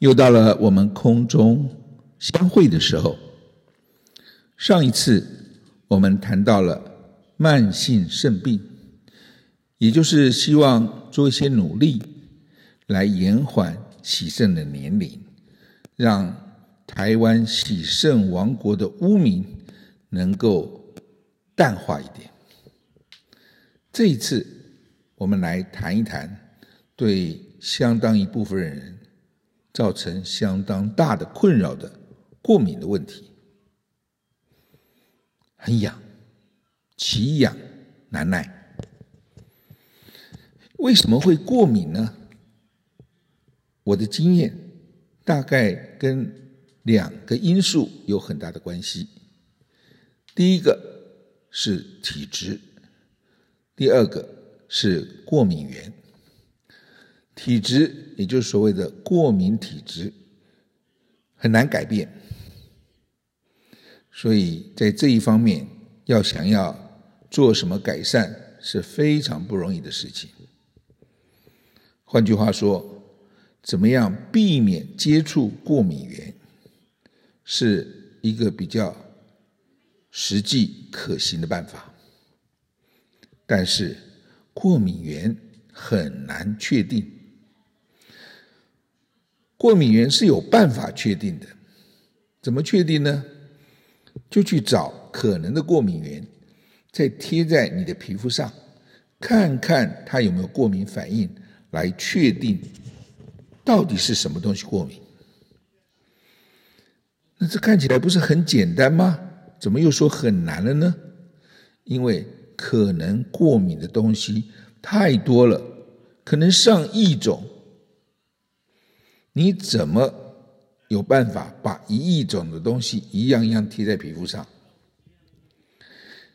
又到了我們空中相會的時候。上一次我們談到了慢性腎病，也就是希望做一些努力來延緩洗腎的年齡，讓台灣洗腎王國的污名能夠淡化一點。這一次我們來談一談對相當一部分人。造成相當大的困擾的過敏的問題，很癢，奇癢難耐。為什麼會過敏呢？我的經驗大概跟兩個因素有很大的關係。第一個是體質，第二個是過敏原。體質，也就是所謂的過敏體質，很難改變，所以在這一方面要想要做什麼改善是非常不容易的事情。換句話說，怎麼樣避免接觸過敏原，是一個比較實際可行的辦法。但是過敏原很難確定。過敏原是有辦法確定的，怎麼確定呢？就去找可能的過敏原，再貼在你的皮膚上，看看它有沒有過敏反應，來確定到底是什麼東西過敏。那這看起來不是很簡單嗎？怎麼又說很難了呢？因為可能過敏的東西太多了，可能上億種。你怎麼有辦法把一億種的東西一樣一樣貼在皮膚上？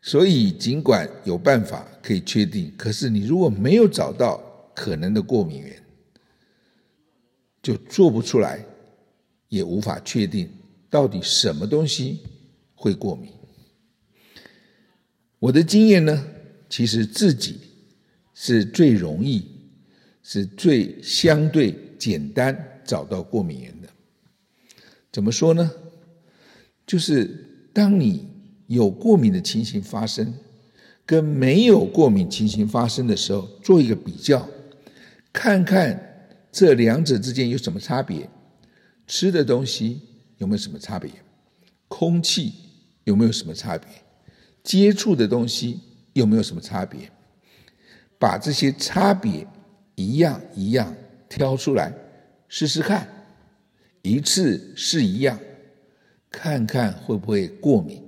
所以儘管有辦法可以確定，可是你如果沒有找到可能的過敏原，就做不出來，也無法確定到底什麼東西會過敏。我的經驗呢，其實自己是最容易，是最相對。簡單找到過敏原的，怎麼說呢？就是當你有過敏的情形發生，跟沒有過敏情形發生的時候，做一個比較，看看這兩者之間有什麼差別，吃的東西有沒有什麼差別，空氣有沒有什麼差別，接觸的東西有沒有什麼差別，把這些差別一樣一樣。挑出來試試看，一次試一樣，看看會不會過敏。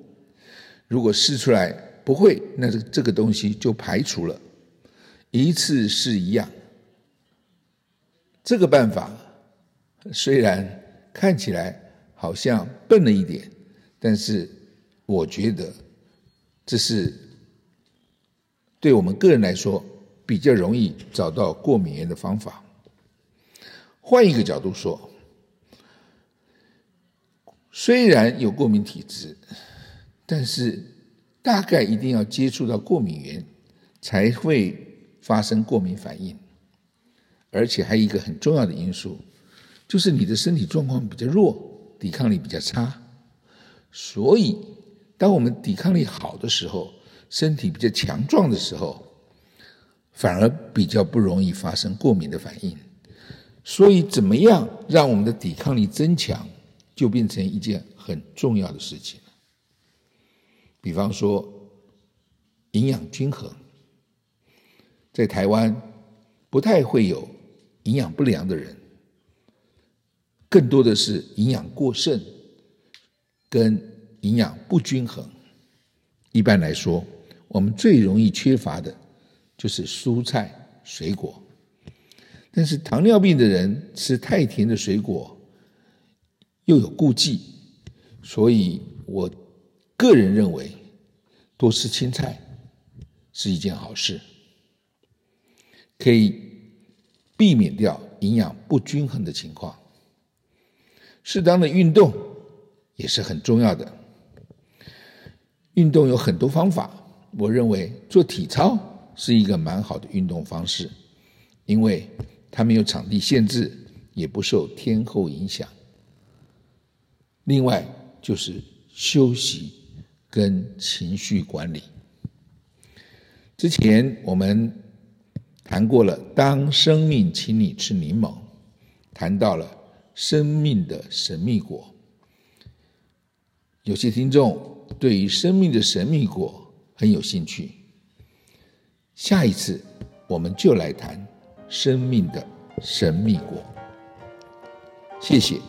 如果試出來不會，那這這個東西就排除了。一次試一樣，這個辦法雖然看起來好像笨了一點，但是我覺得這是對我們個人來說比較容易找到過敏原的方法。換一個角度說，雖然有過敏體質，但是大概一定要接觸到過敏原才會發生過敏反應。而且還有一個很重要的因素，就是你的身體狀況比較弱，抵抗力比較差。所以，當我們抵抗力好的時候，身體比較強壯的時候，反而比較不容易發生過敏的反應。所以，怎麼樣讓我們的抵抗力增強，就變成一件很重要的事情了。比方說，營養均衡，在台灣不太會有營養不良的人，更多的是營養過剩跟營養不均衡。一般來說，我們最容易缺乏的就是蔬菜、水果。但是糖尿病的人吃太甜的水果又有顧忌，所以我個人認為多吃青菜是一件好事，可以避免掉營養不均衡的情況。適當的運動也是很重要的，運動有很多方法，我認為做體操是一個蠻好的運動方式，因為。它沒有場地限制，也不受天候影響。另外就是休息跟情緒管理。之前我們談過了，當生命請你吃檸檬，談到了生命的神秘果。有些聽眾對於生命的神秘果很有興趣，下一次我們就來談。生命的神秘果。謝謝。